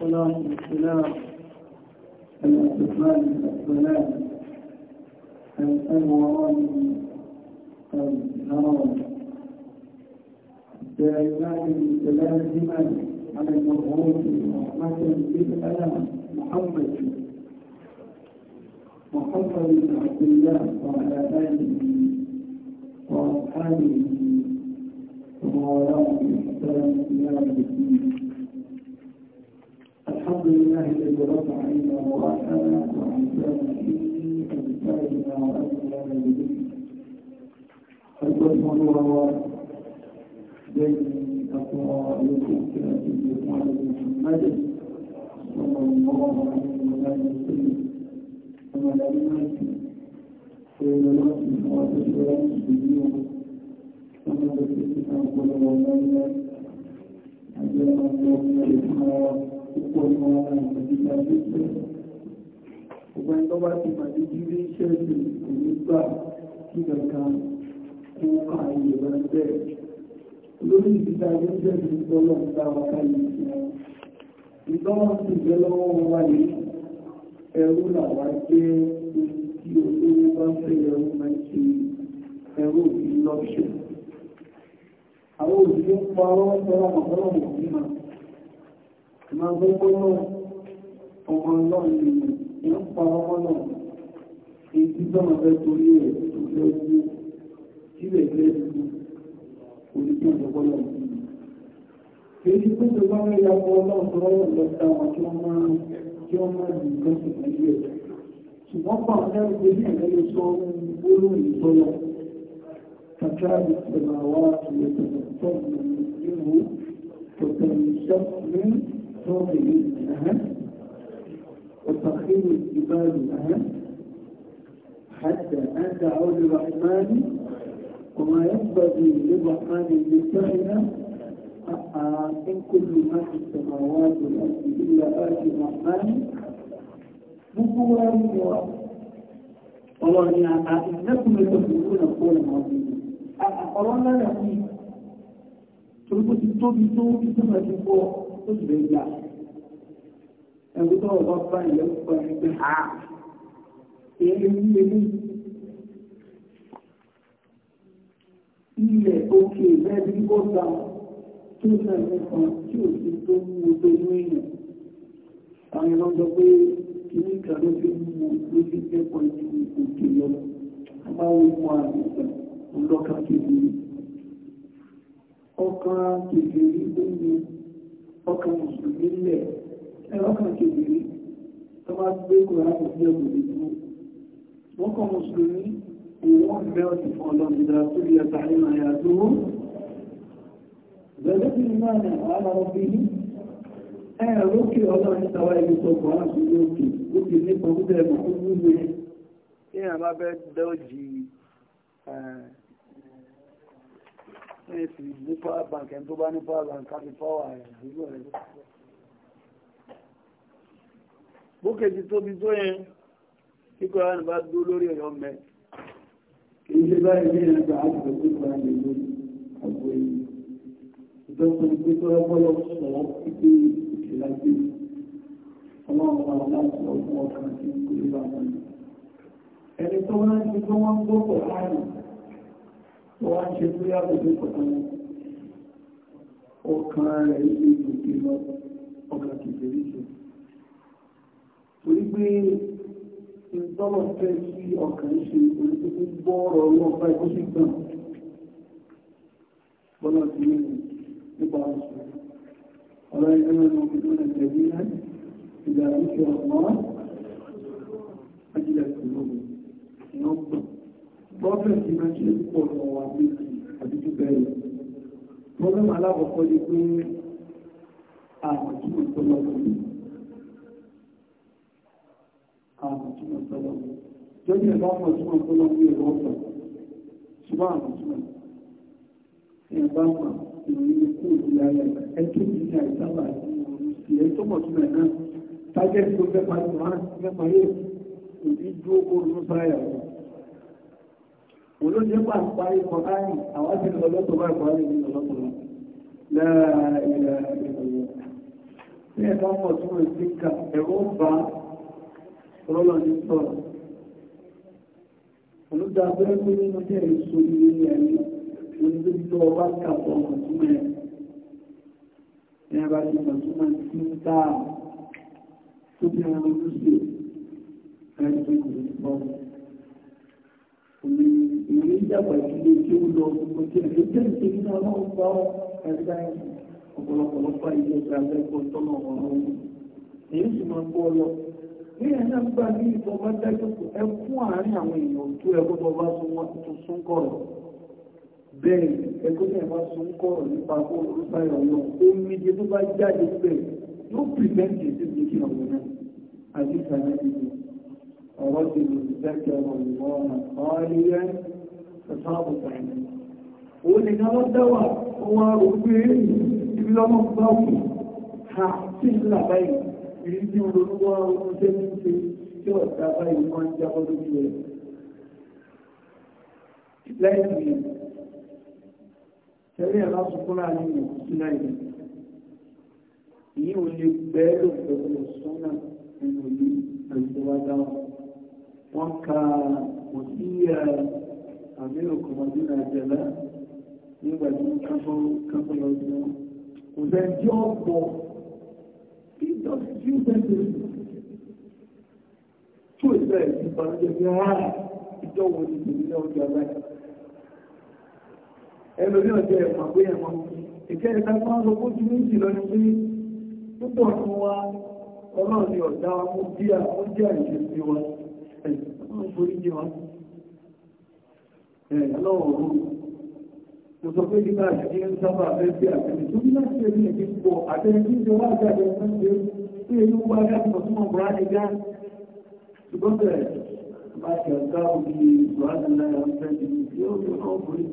والصلاة والسلام على أكمال الأكملات الأنوار الهرم دائمات متلازمة على المرغوب رحمة بالألم محمد محمد بن عبد الله وعلى آله وأصحابه وموالاه بإحسان إلى الدين الحمد لله الذي رفع عنا ورحمنا وعزانا فيه أبتالنا وأبتالنا به القسم نور بين تقوى يكون محمد صلى الله عليه وسلم وما لا يمكن فإلى الوقت وتشعر باليوم وما تكتب قلوب الليل أجل أن يكون الحرام púpọ̀ ní àwọn ìgbàjíjà jíjẹ́ ọgbà ẹ̀tọ́ bá ti bàjẹ́ jírí iṣẹ́ sí onígbà kí kankan fún ààyè rẹ̀ bẹ́ẹ̀ lórí ìgbàjíjà jíjẹ́ sí gbọ́lọ̀ ń bá wa káyé sí ìgbọ́wọ́n sì jẹ́ lọ́wọ́ wa yìí ẹrú làwa jẹ́ tí olówó bá fẹ́ ẹrú máa ṣe ẹrú òbí lọ́ṣẹ̀ àwọn òbí ń pa ọlọ́pọ̀ ọlọ́pọ̀ ọlọ́pọ̀ máa gbogbo náà ọmọ náà ni ń pa ọmọ náà èyí tó máa fẹ́ torí ẹ̀ tó fẹ́ kú sílẹ̀ fẹ́ kú oníṣẹ́ ìjọba náà sí i èyí tó tó bá mẹ́rin akọ náà tó rọrùn lọ sí àwọn tí wọ́n máa tí wọ́n máa di nǹkan sí ìpínlẹ̀ ṣùgbọ́n pa àwọn ẹ̀rọ ní ẹ̀rẹ́ lè sọ gbólóhùn ìtọ́lọ̀ kàkàrí ìpẹ̀lẹ̀ àwọn àti ìpẹ̀lẹ̀ tó ń bẹ̀rẹ̀ nínú tọ̀tẹ̀ ìṣẹ́ الشرط الأهم والتقديم الجبال الأهم حتى أنت عود الرحمن وما ينبغي للرحمن المتحدة إن كل ما في السماوات والأرض إلا آت الرحمن بقوة والله يا إنكم لتقولون قولا عظيما أقرأنا لكم تلقوا تلقوا تلقوا تقول ó sì lè gbà ẹ̀rù tó ọ̀pá bá ilẹ̀ ọ̀pá ẹgbẹ́ ha èyí ní ilé ilẹ̀ òkè lẹ́bí bọ́ta tó sẹ́lẹ̀ kan tí ò sí tó mú tó mú èèyàn àwọn ìrọ́jọ pé kìíní ìkàdó tó mú ló fi jẹ́pọ̀ ju òkè lọ àbáwọn ikú àmì ọlọ́kà kìíní ọkàn kìíní ló mú ọkàn mùsùlùmí lẹ̀ ẹlọ́kàn kejìlí tó bá gbé kòrán kò sí ọgbọ̀n ìlú wọ́n kọ́ mùsùlùmí wọ́n bẹ́ ọ̀sìn fún ọlọ́run ìdára tó lè yàtà nínú àyà tó wó bẹ̀rẹ̀ sí náà ní àwọn ọbí ní ní èsì ní power bank ẹni tó bá ní power bank káfí power àdúgbò rẹ̀ ló pọ̀. bókè ti tóbi tó yẹn kíkọ́ ẹni bá dó lórí ẹ̀yọ́ mẹ́. kì í ṣe báyìí ní ẹ̀ka àgbẹ̀ tó kọ́ ẹni lórí àgbẹ̀ yìí. ìjọba ìgbé tó ẹ bọ́lọ̀ sọ̀rọ̀ pípé ìṣẹ̀lá gbé ọlọ́run àwọn aláṣọ ọkùnrin ọkùnrin tí kò ní bá wọn. ẹni tó wá ń tó wọ́n ń gbọ́ wọ́n ṣe bí àgbègbè kọ̀ọ̀kan ọkàn rẹ̀ ilé ìgbòkè lọ ọkàn kìfèrí jù torí pé ìtọ́lọ̀ fẹ́ sí ọkàn ṣe oríṣiríṣi gbọ́ọ̀rọ̀ ọlọ́pàá ẹ̀kọ́ sí gbọ̀n bọ́lá sí nípa ọ̀sán ọ̀rọ̀ ìgbẹ́mọ̀ ọ̀gbẹ́mọ̀ ìgbẹ́mọ̀ ìgbẹ́mọ̀ prọfẹ̀tì máa ṣe pọ̀ lọ wà méjì àti tó bẹ̀rẹ̀ prọfẹ̀mù alákọ̀ọ́kọ́ ni pé àmọ̀túnmọ̀ tọ́lọ́kùnrin àmọ̀túnmọ̀ tọ́lọ́kùnrin jọ́jú ẹ̀bá mọ̀túnmọ̀ tọ́lọ́kùnrin ẹ̀rọ ọ̀pọ̀ ṣùgbọ́n àmọ̀túnmọ̀ ẹ̀bá mọ̀ ìròyìn kú ìlú ayẹ ẹ̀tọ́ ti ní àìsáwà sí ẹ̀tọ́ mọ̀túnmọ̀ náà tájẹ́ tó fẹ́ parí mọ́ olóṣèlú wà ń parí kọ̀ọ̀kárì àwọn ti lọ lọ́tọ̀ bá ìparí ní ọlọ́tọ̀ lọ láàárín ilẹ̀ ìlú ní ẹ̀ka mọ̀ tí wọ́n ti ka ẹ̀rọ bá rọ́lọ́ ní sọ̀rọ̀ olóṣèlú abẹ́rẹ́ pé nínú jẹ́ èso ilé ní ẹ̀rí ń ta tó bí ẹran olóṣèlú ẹ̀rí tó kù ní pọ́ọ̀mù ní ìwé ìjàpá ìdílé tí ó lọ gbogbo tí ẹ̀rọ tẹ̀ ń tẹ̀lé náà náà gbá ẹ̀dá ọ̀pọ̀lọpọ̀ lọ́pàá ilé ẹ̀ka ẹ̀kọ́ tọ́nà ọ̀rọ̀ wọn. èyí sì máa gbọ́ lọ. ní ẹ̀ náà gbà ní ìfọ̀ bá dájọ́ kò ẹ fún àárín àwọn èèyàn tó ẹ̀kọ́ tó bá sún wọn tó sún kọ̀rọ̀. bẹ́ẹ̀ ẹ̀kọ́ tó bá sún kọ̀rọ̀ nípa kó olùsá ìrọ̀lọ́ omi jẹ tó bá رجل ذكر الله خاليا فصابت عنه وإن الدواء هو ربين إلا مصدوم حاصل بين يريد الله ومسلم في شو تبين من جهل فيه لكن tẹ̀lé ẹ̀rọ sọ́kúnlá nínú ìsúná ìlú ìyí ò lè bẹ́ẹ̀ lò pẹ̀lú wọ́n ka kò sí àmì òkùnmọ̀dé náà jẹ́lá nígbà tí kápọ́ lọ sí wọn kò sẹ́ni tí ó pọ̀ kí lọ sí tí ó sẹ́ni tó ìfẹ́ ìfipáńjẹ́ bí ara ìjọwọ́ ní ìdílé ọjọ́ abáyé ẹlòmí ọjọ́ ẹ̀mọ̀ pé ẹ̀mọ̀ ìkẹ́ ìta fún àwọn ojú méjì lọ ní pé púpọ̀ fún wa ọlọ́ọ̀ni ọ̀dá wa mú bí àwọn jẹ́ àìṣẹ́ sí ọmọ ìforí jẹ wọn ẹ̀ lọ́wọ́ mo sọ pé nígbà tí ń sábà fẹ́ bí àtẹ̀lẹ̀ tó ní láti ẹ̀rí ẹ̀kí pọ̀ àtẹ̀lẹ̀ tí ń jẹ wá jáde ẹ̀kọ́ ṣe tí èyí ń wá láti pọ̀ túnmọ̀ bọ̀ láti já ṣùgbọ́n bẹ̀rẹ̀ bá ṣe ọ̀gá òbí ìwádìí lára ń fẹ́ di ó fi ọkọ̀ orí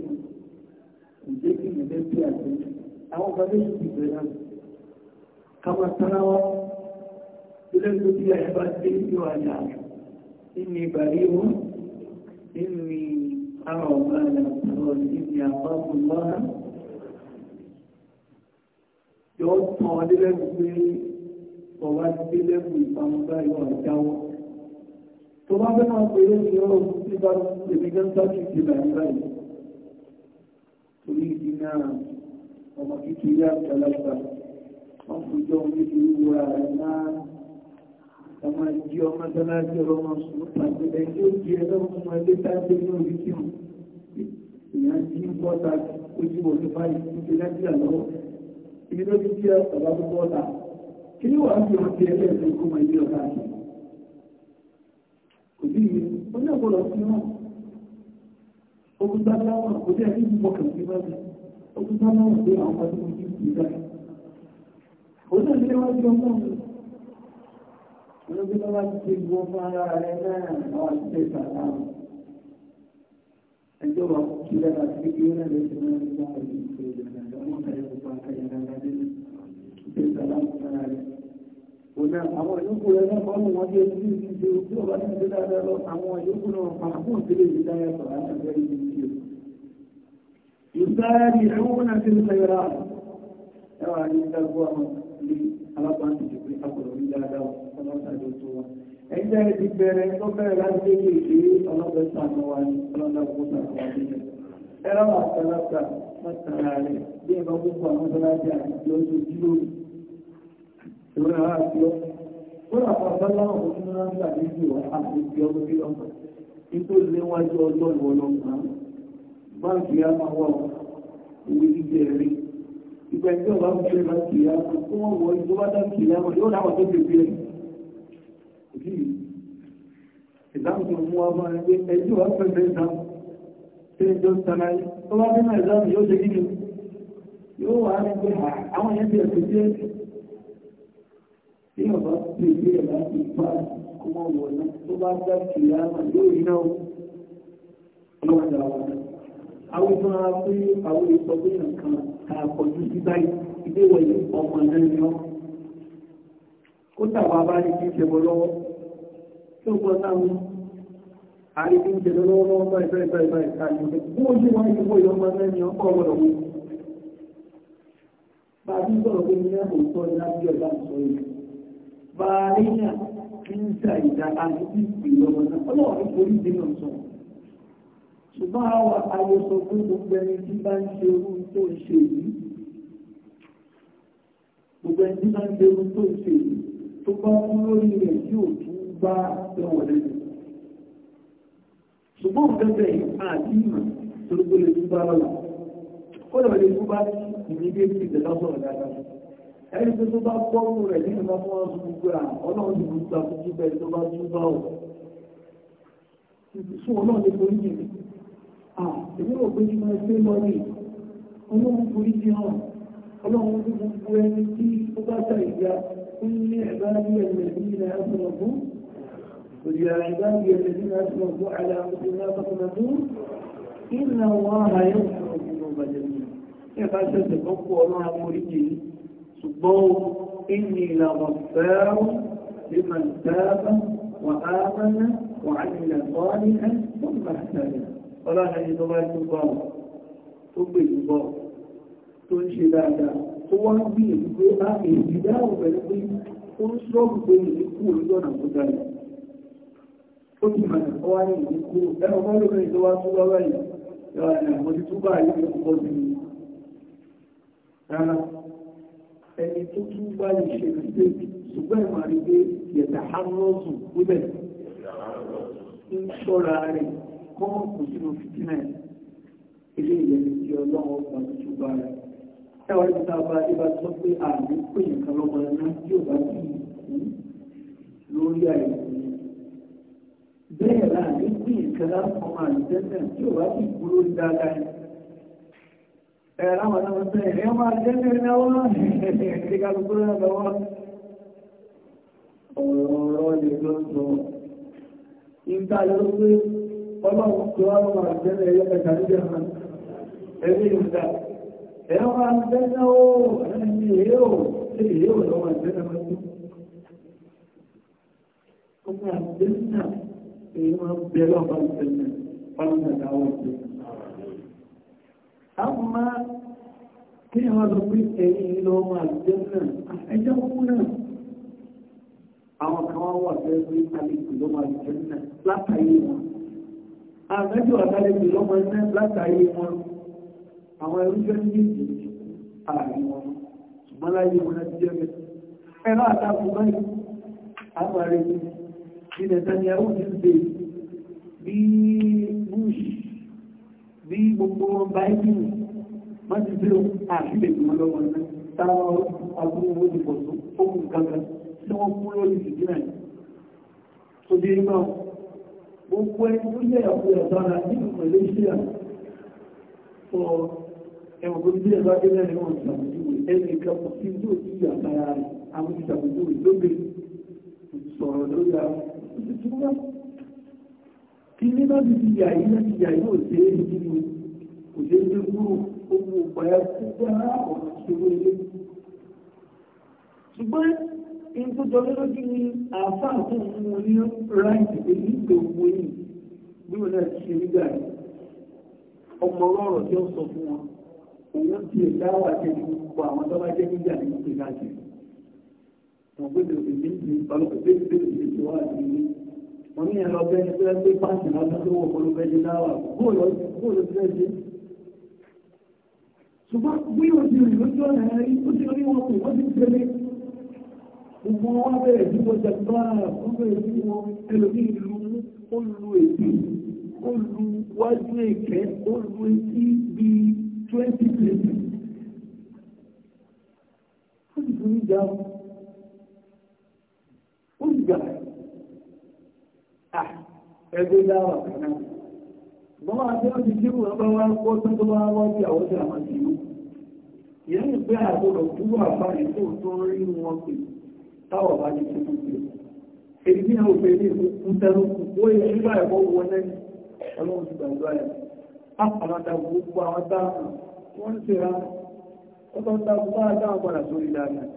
ìdé kí ní ṣùgbọ́n إني بريء إني أرى ما لا ترون إني أخاف الله yóò tán adélẹ́gùn pé ọba adélẹ́gùn ìpamọ́ta yóò àjáwọ́ tó bá fẹ́ máa pè é ní ọ̀rọ̀ tí bá lèmi gẹ́ńtà kì í ṣe láyé báyìí torí ìdí náà ọmọ kékeré àgbàlagbà wọn kò jọ onídìrí wúra rẹ̀ náà ọmọ ìdí ọmọ dọ́lájọ́ ọmọ sùúrù pàtó ẹni ó di ẹlọ́wọ́ ọmọ ilé tábí ní orí kí wọn èèyàn ti ń bọ́ ta ojú òní báyìí ní ti lẹ́gbẹ̀ẹ́ lọ́wọ́ ibi ló ti jẹ́ ọ̀gá tó bọ́ ta kí ni wàá fi wọn ti ẹlẹ́ẹ̀dẹ́ kó máa yé ọ̀gá àti kò sí iye ó ní ọ̀pọ̀lọ̀ sí wọn ogun tá láwọn kò dé ẹni mú mọ̀kàn sí bá mi ogun tá láwọn pé àwọn ọmọdé mo ti ń pè é dáa ó náà ní wọ́n ti ọmọ mi lóbi tó bá ti gbó fún ara rẹ náà wọ́n ti ṣe ìsàlá wọn. ẹjọ́ wa kí lẹ́ka sí kí wọ́n lè ṣe wọ́n nígbà tó ti ṣe ìdàgbàsókè wọn kàyẹ gbogbo akẹyẹ dáadáa dé ṣe ìsàlá wọn fún ara rẹ. ònà àwọn yòókù rẹ náà kọ́nù wọn bí ẹni tí ti ṣe tí ó bá ti lọ àwọn yòókù náà fara fún ìdílé yìí dáyà sọ̀rọ̀ àtàkẹ́ yìí ti ṣe. yùsáyà ni àwọn àti ìṣẹ̀yọ̀rọ̀ ẹwà ní ìdágbó àwọn ilé alábàáṣe ìṣẹ̀pẹ̀ àkọ̀rọ̀ ní dáadáa ọlọ́sàdé tó wa ẹgbẹ́ ti bẹ̀rẹ̀ tó bẹ̀rẹ̀ láti kéèké ìṣe ọlọ́pẹ́ sànù wa ní ọlọ́dàgbọ́ sànù wa nílẹ̀ ẹ̀rọ àtàlàkà mọ́tàlá rẹ̀ bí ẹ̀rọ púpọ̀ àwọn ọlọ́dàgbà àti ọjọ́ jíròrò ìwé ara àti ọ ó rà pàtàkì láwọn òṣìṣẹ́ náà ń gbàdé jù wá àti ìgbé ọmọ bí ọmọ ipò léwájú ọjọ́ ìwọlọ́gbà báńkì á máa wà òwe jíjẹ rí ìgbà ìjọba ń fẹ́ bá kìí á kó wọ́n wọ kìí á yóò láwọn tó fi bí ìdáhùn tó mú ọmọ ẹgbẹ́ ẹjú wá pẹ̀lẹ̀ ìdáhùn tí ìjọ sàmáyé tó bá bínú ìdáhùn yóò ṣe gígùn yóò wà ní pé àwọn èèyàn ti ẹ̀sẹ̀ tí ẹ̀sẹ̀ tí ọba ti gbé ẹ̀ láti pa ọmọ wọn náà tó bá dá kì í àmà yóò rí náà ọlọ́wọ́n dà wọn. àwọn ìfún ara pé àwọn ìsọgbé nǹkan àkọjú sí báyìí ilé wọ̀nyí ọmọ náà ni wọn ó tàwà bá ní kí ṣe bọ́ lọ́wọ́ tí ó gbọ́n táwọn àrí kí ń ṣe lọ́wọ́ lọ́wọ́ báyìí báyìí báyìí báyìí káàkiri pé bó ojú wọn ìlú bó ìyọmọ mẹ́rin ọkọ̀ ọ̀rọ̀ wọn bá a ti sọ̀rọ̀ pé ní ẹ̀kọ́ sọ ní lábíyọ̀ bá ń sọ yìí bá a rí ní àkíńtà ìdá àti ìpìlọ́wọ́ náà ọlọ́wọ́ ní orí ìdí náà sọ̀rọ̀ tó bá kú lórí rẹ̀ tí ò tún bá lọ́wọ́ lẹ́nu ṣùgbọ́n gẹ́gẹ́ àti ìmọ̀ tó gbé lè tún bá lọ́la ó lọ lè tún bá ìmídéjì ìdẹ̀lọ́sọ̀rọ̀ dáadáa ẹni tó tó bá gbọ́rù rẹ̀ nínú bá fún wọn tún gbé ọlọ́run ti gbúgbà fún jíbẹ̀ tó bá tún bá ọ̀ ìfisùn ọlọ́run ti forí jì ah èmi rò pé kí máa ṣe lọ́rí ọlọ́run forí jì hàn ọlọ́run ti gbogbo ẹni tí ó bá ṣàìyá قل عبادي الذين أسرفوا قل يا عبادي الذين أسرفوا على أنفسهم لا تقنطوا إن الله يغفر الذنوب جميعا إذا تتبقوا الله مريجي صبوا إني لغفار لمن تاب وآمن وعمل صالحا ثم احتاج ولا حديث الله تبارك تبي تبارك تنشي بعدها ó wá gbìyànjú pé a èyí dáhùn pẹ̀lú pé ó ń ṣọ́ọ̀bù pé èyí kú ojú ọ̀nà tó dára ó ti mọ̀ ẹ̀kọ́ wá ní ìlú kú ẹ̀rọ mọ́ lórí ìlú wa tó lọ́wọ́ yìí ẹ̀rọ ìrìnàmọ́ ti túbà yìí ló pọ̀ sí i rárá ẹni tó tún bá lè ṣe ìgbé ṣùgbọ́n ìmọ̀ rí pé yẹ̀tà hánlọ́sù wíbẹ̀ ń ṣọ́ra rẹ̀ kọ́mọ̀ kò sínú ilé ìyẹ̀lẹ̀ tí ọlọ́run ọgbà bá rẹ̀ ẹwà ti ta bá ibà tó pé àmì pé nǹkan lọ́mọ náà yóò bá bí ìkú lórí àìsàn bẹ́ẹ̀ láàrin pé nǹkan lọ́mọ àìsàn náà yóò bá bí ìkú lórí dáadáa ẹ̀rọ àwọn ọmọ sẹ́yìn ẹ̀rọ máa jẹ́ ní ẹ̀rọ wọn ẹ̀ẹ́dẹ́gbẹ́ kálukú náà lọ́wọ́ ọ̀rọ̀ lè lọ sọ ìgbà lọ́wọ́ pé ọlọ́run tó wá lọ́wọ́ àìsàn ẹ̀yọ́ kẹta ẹ̀rọ bá ń bẹ́ẹ̀ ó ẹ̀rọ ní èyí ó ṣe èyí ó lọ́wọ́ ìbẹ́ẹ̀ máa tó ọmọ àgbẹ̀ náà èyí máa ń bẹ lọ́wọ́ ìbẹ́ẹ̀ náà fáwọn àdáwọ̀ ìbẹ́ẹ̀ àmọ́ kí wọ́n lọ pín ẹ̀yìn lọ́wọ́ àgbẹ̀ náà ẹjọ́ kú náà àwọn kan wá wà fẹ́ pé àlejò ló máa jẹ́ náà látàrí wọn àgbẹ̀jọ́ àtàlejò ló máa jẹ́ látàrí wọn àwọn ẹrújẹ́ ní èdè ààrin wọn ṣùgbọ́n láyé wọn láti jẹ́ mẹ́ta ẹ̀rọ àtàkù báyìí àpàrẹ ní Netanyahu ti ṣe bí Bush bí gbogbo báyìí wọ́n ti ṣe àfihàn ìgbìmọ̀ lọ́wọ́ náà táwọn agbóhùn owó ti pọ̀ tó fókùn kankan tí wọ́n kú lórí ìdíjìnà tó dé náà gbogbo ẹni tó yẹ ọ̀pọ̀ ẹ̀sọ́ra nínú Malaysia for ẹ̀wọ̀n kò ní bí ẹ̀bá dé lẹ́nu wọn ìṣàmójúwe ẹni kan kò sí tó ti yà sára rẹ̀ àwọn ìṣàmójúwe lóde sọ̀rọ̀ lórí àwọn ìṣúná. kí ní bá ti di yà yìí láti yà yìí ò ṣe é yìí ni kò ṣe é kúrò ó mú ọ̀pá ẹ̀ kú bá ọ̀nà ìṣòro ilé. ṣùgbọ́n in tó jọ lójú ni àáfàá tó ń mú ní ráìtì pé nígbà òun ti ìdáwà ṣe ní gbogbo àwọn tó bá jẹ́ níjà ní gbogbo ìgbà ṣe. Wọ́n gbé lòdì ní ìlú ọlọ́pàá tó ti bẹ̀rẹ̀ ìlú wa sí ilé. Wọ́n ní ẹ̀rọ bẹ́ẹ̀ ni pé ẹgbẹ́ pàṣẹ lọ́dún tó wọ̀ kọ́lọ́ bẹ́ẹ̀ dáwà. Bóòlù ti rẹ̀ ṣe. Ṣùgbọ́n bí o ti rìn lójú ọ̀nà ẹ̀rí, ó ti rí wọn kù, wọ́n ti tẹ̀lé. Gbogbo wọn bẹ̀rẹ̀ sí wọ́n jẹ báà, twenty twenty ó sì tún ní ìjà ó sì gbà ẹgbẹ́ dáwà kan náà wọ́n máa máa ti ìyẹn àpàlọ́dà gbogbo àwọn dáàmù wọ́n ń tèrà ọlọ́dà gbogbo àdáwọn padà sórí dáadáa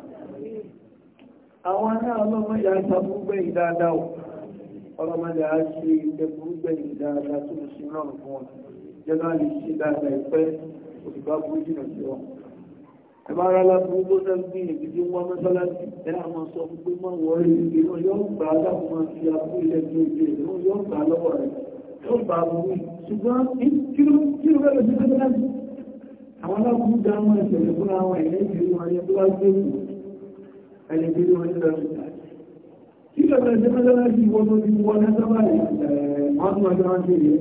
àwọn ará ọlọ́mọ ya sàbúgbẹ́ ìdáadáa ọlọ́mọ ya ṣe ìgbẹ́gbẹ́ ìdáadáa tó ṣe rọrùn fún wọn jẹ́nà lè ṣe dáadáa ìpẹ́ òṣùgbà burú jìnà sí wọn ẹ̀bára lábúrú tó sẹ́ bí ìbìdí wọn mọ́sálásí ẹ̀ àwọn sọ pé mọ́ wọ́n rí ìgbìmọ̀ yóò gbà á láwọn fi àbúrú ilẹ̀ tó ìgbìmọ̀ yóò gbà á lọ́wọ́ rẹ̀ tó bá gbogbo ṣùgbọ́n kí ló rẹ̀ lọ sí pẹ́pẹ́ láti àwọn aláàbùkù dá wọn ìṣẹ̀lẹ̀ fún àwọn ẹ̀yẹ́ ìṣẹ̀lẹ̀ wọn yẹ tó wá gbé wù ẹ̀yẹ́ ìṣẹ̀lẹ̀ wọn lọ sí kí lọ bẹ̀rẹ̀ sí pẹ́pẹ́ láti wọ́n tó ti wọ́n ní sábà wọ́n tún ọjọ́ wọn ṣẹlẹ̀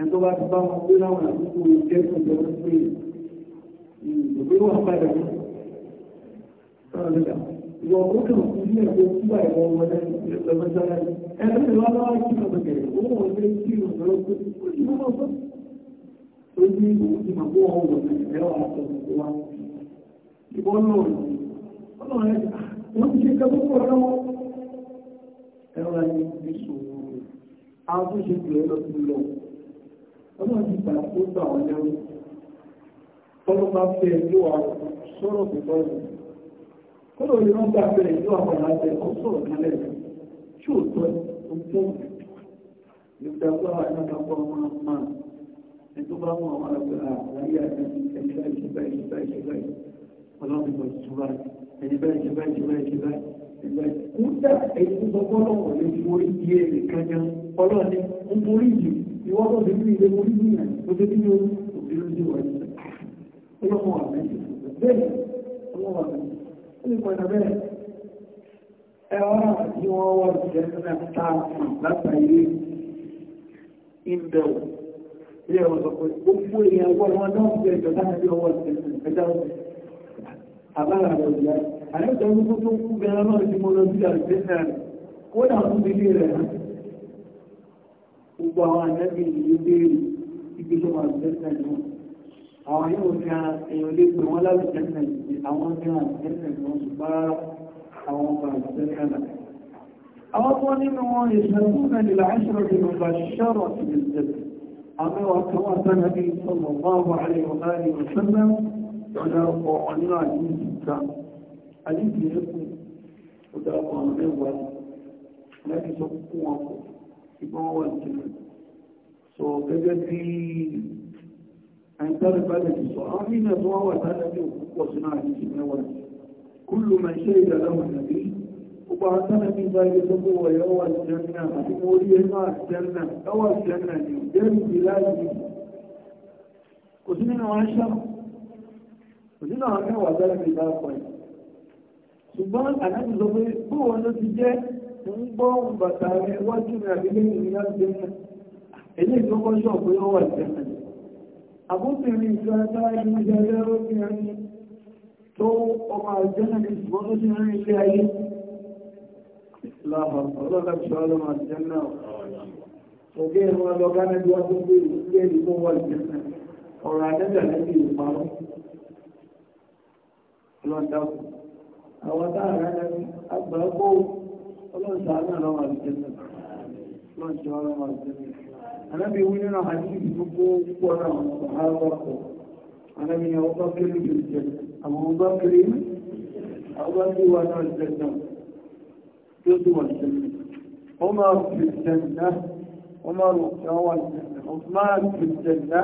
ẹ̀ tó bá ti bá wọn gbé láwọn àkókò ìjẹ́sùn tó ń pè é ìgbòkè wọn padà 有不是福建和西北我们的我们的，哎，他们拉拉技术的给，我们这技术的不不行了，说，所以你们过后我们没有啊，怎么说？你光弄，我弄来，我们去干不过了吗？然后呢，你数，阿不行，别的不用，我们去把辅导呢，我们把这做，说了不多。kódò ní wọ́n gbà bẹ̀rẹ̀ ìlú àpàrà àti ẹ̀kọ́ sọ̀rọ̀ kálẹ̀ rẹ̀ tí ó tọ́ ọjọ́ ìgbàgbọ́ àtàkọ́ ọmọ ọmọ ẹ̀tọ́ bá wọn àwọn àgbà àyè àti ẹ̀ṣẹ̀ ìṣẹ̀bá ìṣẹ̀bá ìṣẹ̀bá ọlọ́run ìgbà ìṣẹ̀bá ìṣẹ̀bá ìṣẹ̀bá ìṣẹ̀bá ìṣẹ̀bá kúndà èyí gbogbo ọlọ́wọ̀ lè fi orí di èrè kan jẹun ọlọ́ọ̀ni ń borí yìí ìwọ́n tó ti rí ilé borí yìnyín tó ti rí òbí lójú wáyé ọlọ́wọ̀ àmẹ́sì bẹ́ẹ̀ ọlọ́wọ̀ àmẹ́sì ní pẹ̀lú bẹ́ẹ̀ ẹwọ́n tí wọ́n wọ́n jẹ́ mẹ́tàkì látàrí ìbẹ̀wò ilé ọ̀sọ̀ pé gbogbo èèyàn wọ́n wọn náà jẹ́ ìjọba ní ọwọ́ ìjọba àbára rẹ̀ òjá àyẹ́jọ́ gbogbo tó kú bẹ̀rẹ̀ náà tí mo lọ sí àrùsẹ́sẹ̀ rẹ̀ kó dà fún ilé rẹ̀ hàn gbogbo àwọn àjẹ́bí ìlú béèrè ibi tó náà àwọn yóò gan èèyàn lè pè wọ́n láti jẹ́nà ìdí àwọn gan jẹ́nà ìwọ̀n ṣùgbọ́n àwọn ọba ìjẹ́kànlá àwọn tó nínú wọn ìṣẹ́gun ẹ̀lẹ́lá ìṣẹ́rọ̀ ìrọ̀lá ṣọ́rọ̀ ìjẹ́jẹ́ àwọn ọkàn wọn tánà bí sọ́mọ̀ bá wà àríwọ̀lá ìrọ̀sẹ́lẹ̀ ọ̀dọ́rọ̀pọ̀ ọ̀nà àdíjì wọn kò أن ترفض الصحابين ضوء وثلاثة وصناعة السنوات كل من شهد له النبي وبعثنا في ذلك هو يوى الجنة في موليهما الجنة يوى الجنة جن بلاده وسنين وعشر وسنين وعشر وذلك ذلك ṣùgbọ́n àdájú sọ pé bóòwọ́ ló ti jẹ́ ń gbọ́ bàtà rẹ̀ wájú rẹ̀ àbílẹ̀ ìrìnàjò ẹ̀lẹ́gbọ́n ṣọ̀ pé ó wà ìjẹ́mẹ̀ àbúkùnrin ìjọra táwájú jẹ lẹ́rọ bí ẹni tó ọmọ àjẹ́nà ní ṣùgbọ́n tó ti rí ilé ayé láàbà ọlọ́dà ṣe ọlọ́mọ àjẹ́nà ọ̀gẹ́ ẹ̀rọ ọlọ́gá náà bí wọ́n tó gbé ìgbé ìgbó wà ìjẹ́nà ọ̀rọ̀ àjẹ́jà lẹ́bí ìparọ́ ọlọ́dàkù àwọn táàrà ẹni àgbà ẹ̀kọ́ ọlọ́dà náà lọ́wọ́ àjẹ́nà ọlọ́dà ṣe ọlọ́mọ anábì wí nínú àdíjì gbogbo pọ̀lá àwọ̀pọ̀ anábì ni ọba kéré jù jẹ àwọn ọba kéré ọba tí wà náà jẹ náà tí ó ti wà jẹ ọmọ kìrìtẹ̀nà ọmọ rọ̀kọ̀wà jẹ̀nà ọmọ kìrìtẹ̀nà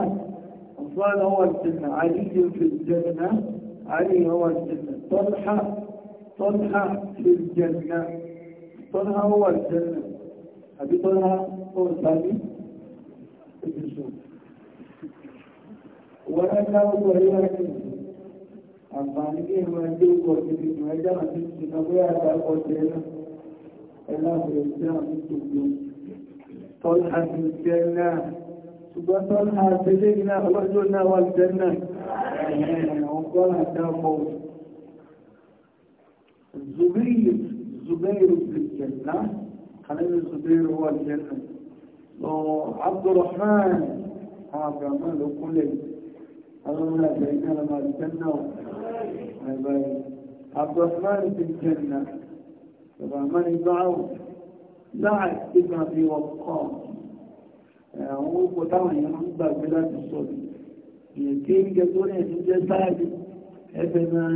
ọmọ ọwà jẹ̀nà àdíjì kìrìtẹ̀nà علي هو الجنة طلحة طلحة في الجنة طلحة هو الجنة أبي طلحة هو الثاني Wọ́n dáwọ́ pọ̀ ní láti àǹfààní kí ẹ̀rọ ẹgbẹ́ òkú ọ̀sẹ̀ ti tún ẹjá àti ìṣúná bóyá àgbà ọ̀sẹ̀ ẹ̀rọ ẹ̀lá ọ̀sẹ̀ ìṣẹ́ àti ìṣòkò. Tọ́lá àti ìṣẹ́ náà. Ṣùgbọ́n tọ́lá àti ilé iná ọlọ́jọ́ náà wà jẹ́ náà. Àwọn kọ́lá dámọ̀. Zubairu, Zubairu, Zubairu, Zubairu, Zubairu, Zubairu, Zubairu, Zubairu, lọ Abdulrahman àgbàmọ́ ló kúnlẹ̀ alọ́run àti ẹ̀yìn alọ́mọ àdìjẹ́ náà ẹ̀bẹ̀rẹ̀ Abdulrahman ti jẹ́ nà Abdulrahman ibà áwù láàá ìgbà bí wọ́n kọ́ àwọn orúkọ táwọn èèyàn máa ń gbàgbé láti sọ ìyẹn kí ń gẹ tó rẹ̀ ní jẹ́ sáàdì ẹgbẹ̀ náà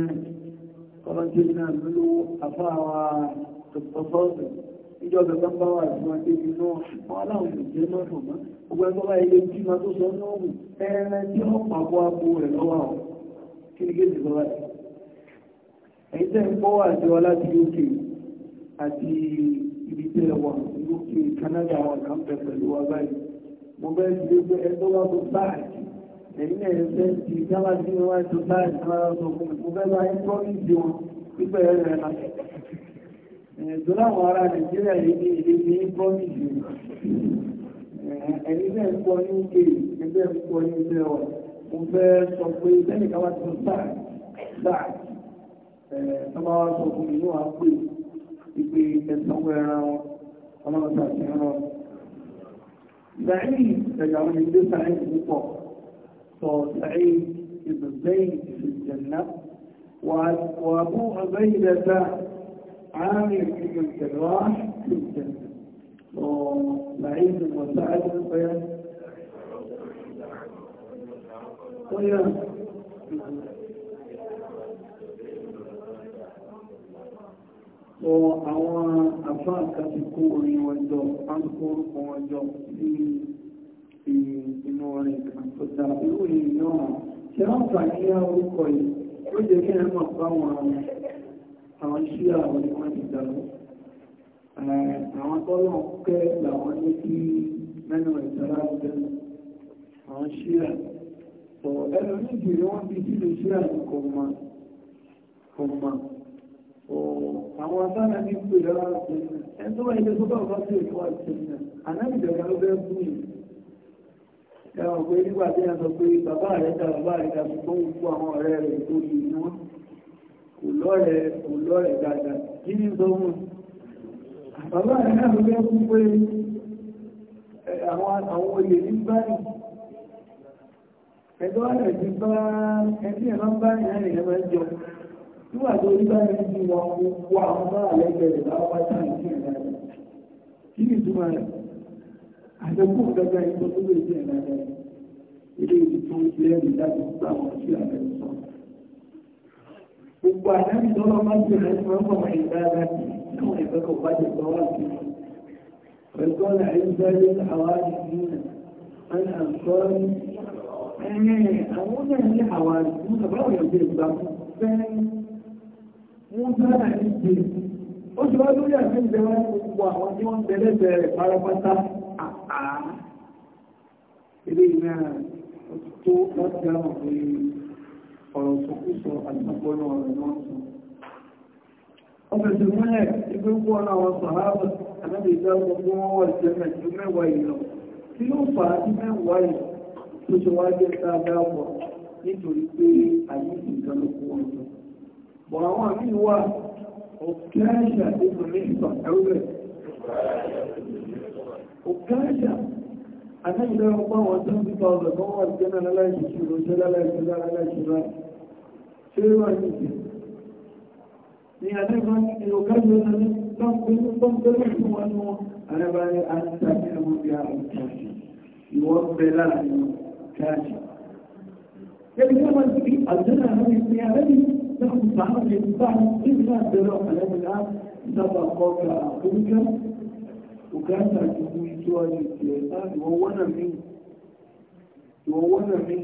náà lólówó afáwa tó ìjọba tó ń bá wà ní ọdún ibi náà wọn aláwọn ìjẹ́ náà fò mọ́ gbogbo ẹgbẹ́ bá ilé ojú ma tó sọ náà wù ẹ̀rẹ́ tí wọ́n pàbọ́ abo rẹ̀ lọ́wọ́ àwọn kí ni kéde lọ́wọ́ rẹ̀ ẹ̀yìn tẹ́ ń bọ́ wà sí ọ láti òkè àti ibi tẹ́ ẹ wà ní òkè Canada wà kà ń bẹ pẹ̀lú wa báyìí mo bẹ́ẹ̀ ti gbé ẹ tó wá tó báàgì ẹ̀yìn náà fẹ́ ti dáwà sí wọn wá tó báàgì kan fún mi mo bẹ́ẹ̀ ẹ̀dùn àwọn ará nàìjíríà yìí eh, ní ilé ní bọ́mìlì ẹ̀yìn bẹ́ẹ̀ ń pọ̀ ní uk ẹgbẹ́ ń pọ̀ ní ilé ọ̀ mo fẹ́ sọ pé lẹ́yìn ká wá ti sọ sáà sáà ọba eh, wa sọ fún mi ní wàá pè ìpè ẹ̀sánwó ẹran wọn ọlọ́mọta àti ẹran sàáyì ẹ̀yà àwọn ìgbé sàáyì púpọ̀ sọ sàáyì ìbùgbẹ́yìn ìfìjẹ̀ná wà á bú ọgbẹ́yìn rẹ̀ عامل في الجراح في الجنة وبعيد وسعد ويا ويا so àwọn afáàkà ti kó orin wọn jọ áńkó orúkọ wọn jọ sí inú orin kan tó dá irú yìí náà ṣe ń fà ní orúkọ yìí ó jẹ́ kí ẹ mọ̀ fáwọn àwọn àwọn iṣẹ́ àwọn ni wọ́n ti dànù àwọn tọ́lọ̀ kẹ́ làwọn ní kí mẹ́nu ìtara ìdẹ́nu àwọn ṣíà ọ̀ ẹnu ní ìgbèrè wọ́n bí sí lè ṣíà ní kò mọ̀ kò mọ̀ àwọn asára ní pè lára ìtẹ́nu ẹni tó wà ilé tó bá wà sí èkó àtẹ́nu ànábì ìjọba ló bẹ́ẹ̀ fún yìí ẹ̀wọ̀n pé nígbà tí a sọ pé bàbá rẹ̀ dà bàbá rẹ̀ dà fún gbogbo àwọn ọ̀rẹ́ rẹ̀ tó yìí ni wọ́n kò lọ́rẹ̀ kò lọ́rẹ̀ dáadáa kí ní sọ mú bàbá rẹ̀ náà ló kú pé àwọn olè ní báyìí ẹ̀dọ́ rẹ̀ ti bá ẹbí báyìí náà máa jọ tó rí báyìí wọn àwọn bá bá wá sí ìdí kí ní rẹ̀ ìtọ́jú ilé ìtọ́jú gbogbo àdáni lọ́wọ́ máa ń bẹ̀rẹ̀ tí wọ́n bọ̀wọ̀ ìdára sí àwọn ìfẹ́kọ̀ọ́ bá jẹ sọ́wọ́ sí i pẹ̀lú ọ̀nà ìgbẹ́lẹ̀ àwọn àdìsínà àwọn àǹkọ́rí ẹ̀rẹ̀ àwọn náà ní àwọn àdìsínà báwọn yóò jẹ ìgbà fẹ́ẹ́ mú sára ní ṣe ọ̀rọ̀ sọkúsọ àtàkọ́nà ọ̀rọ̀ náà sọ. Ọbẹ̀sẹ̀ múlẹ̀ ìgbégbó ọ̀nà àwọn sàhábà àdábì ìdáwọ̀ bí wọ́n wà ìjẹ́mẹ̀ ju mẹ́wàá yìí lọ. Kí ló fà á sí mẹ́wàá yìí tó ṣe wá jẹ́ tá a dáwọ̀ nítorí pé àyè ìgbà ló kó wọn jọ. Bọ̀ àwọn àmì wà òkèèṣà ìgbòmí ìgbà ẹ̀rú rẹ̀. Òkèèṣà annabi da kuma wannan bisa da kuma aljanna na lashi shi roce lalace lalace ba sai ba ni ce ni a nan ban ni yau kan yau nan ban kun ban kun su wannan ana ba ni an tafi da mu biya an tafi yiwon bela ne tashi ya bi kuma bi aljanna na ne ya rabi da kuma ba ne ba ni ina da ran aljanna da ba ko ka kuma bukata ta kuma zuwa ne ke sa iwon wannan min iwon wannan min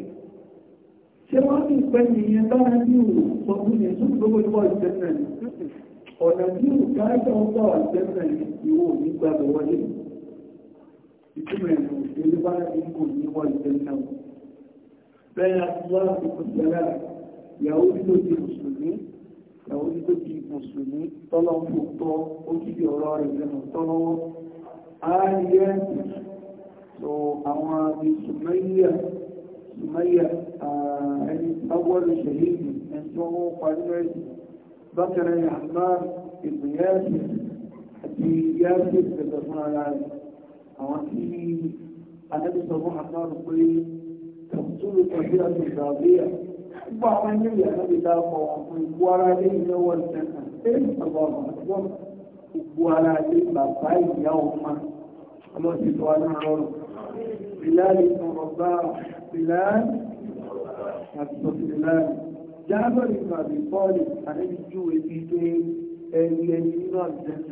ṣe wọ́n ti pẹ́ ní ẹ bá ní òwò sọ fún ẹ̀ tó gbogbo ìwọ̀ ìjẹ́nà ní ọ̀nà tí ò káàkiri ọgbà ìjẹ́nà ní ìwò ní gbàgbọ́ wọlé ìtumẹ̀ ìlú bá ní kò ní wọ ìjẹ́nà bẹ́ẹ̀ àtúwà àkókò sẹ́lá ìyàwó tó di mùsùlùmí o tó di mùsùlùmí tọ́lọ́ آياتك سو أوابي سمية سمية آه، يعني أول شهيد من سوه قادمة بكر الحمار ابن ياسر حتي ياسر كتبنا العالم أوابي النبي صلى الله عليه وسلم قال تبطل كثيرة الضابية بعض النبي النبي دافع وقال لي لو أنت إيه؟ أنت الله أكبر gbogbo ara ilé bàbá ìyá ọmọ ọlọ́sìtò alárọrùn ìlàlì ọ̀rọ̀bá ìlàlì àtìsọ̀tìlàlì jábọ̀lì tàbí pọ́ọ̀lì àríjú ebi pé ẹni ẹni nínú àjẹ́sì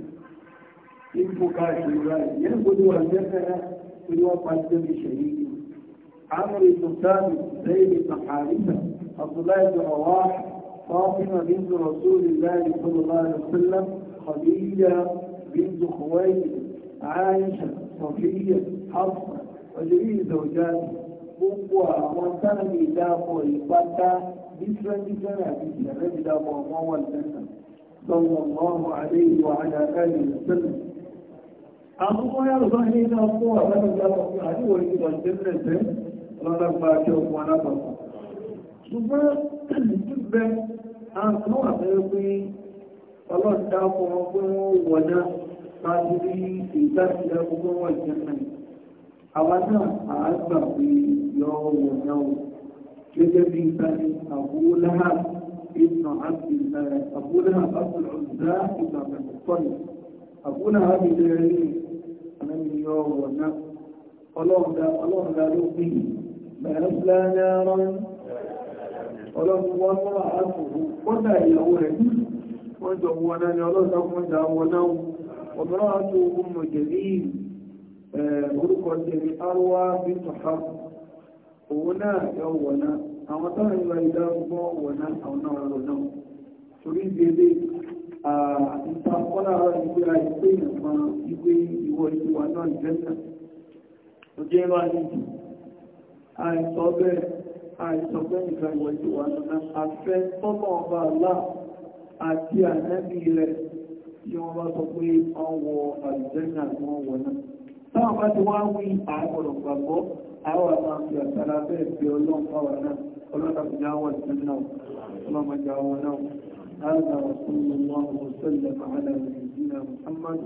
ipò káàkiri ráì yẹn gbogbo àjẹ́sẹ̀rẹ́ pé wọ́n pa jẹ́bi ṣẹ̀yí عمري سلطان زيد خديجة بنت خويلد عائشة صفية حفصة وجميع زوجات gbogbo àwọn sáàmì ìdáàbò ìpátá bísírẹ́ńdì sẹ́rẹ̀ àti ìṣẹ̀lẹ̀ ìdáàbò ọmọ wà lẹ́nà sallallahu alayhi wa ala alihi wa sallam. àkókò yàrá bá ní iná fún àwọn ìdáàbò àdúgbò ìgbà jẹ́mẹ̀ẹ́sẹ̀ lọ́lọ́gbà àti ọkùn alábàbà. ṣùgbọ́n ìtúbẹ̀ àwọn àtẹ́wé ọlọ́run dákọ̀ wọn pé wọ́n wọ̀ná láti rí ìgbàsílẹ̀ gbogbo wọn ìjẹ́nà àwa náà àá gbà pé yọ wọ̀ná o gẹ́gẹ́ bí ìtàní Abu Lahab ibn Abdullah Abu Lahab Abdul Uzza ibn Abdullah Abu Lahab ilẹ̀ rí àmì yọ wọ̀ná ọlọ́run dá ló bí bẹ̀rẹ̀ fúlẹ́ náírà ọlọ́run wọn mọ́ra àtùkù kọ́dà ìyàwó rẹ̀ nínú wọ́n jọ wọn náà ni ọlọ́ta fún ìjà wọn náà ọ̀bẹ̀rẹ̀ ogun mọ̀jẹ̀lì orúkọ bí tọ̀fà òun náà yọ náà àwọn táwọn ìwà ìdá gbọ́ wọ̀n náà àwọn náà lọ náà torí ìgbélé àti ànábì rẹ̀ tí wọ́n bá sọ pé wọ́n wọ àlùjẹ́nà tí wọ́n wọ náà táwọn bá ti wá wí àgbọ̀dọ̀ gbàgbọ́ àwọn àwọn àti àtàrà bẹ́ẹ̀ fi ọlọ́run اللهم اجعلنا وسلم على نبينا محمد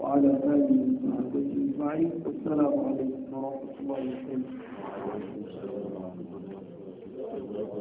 وعلى اله وصحبه اجمعين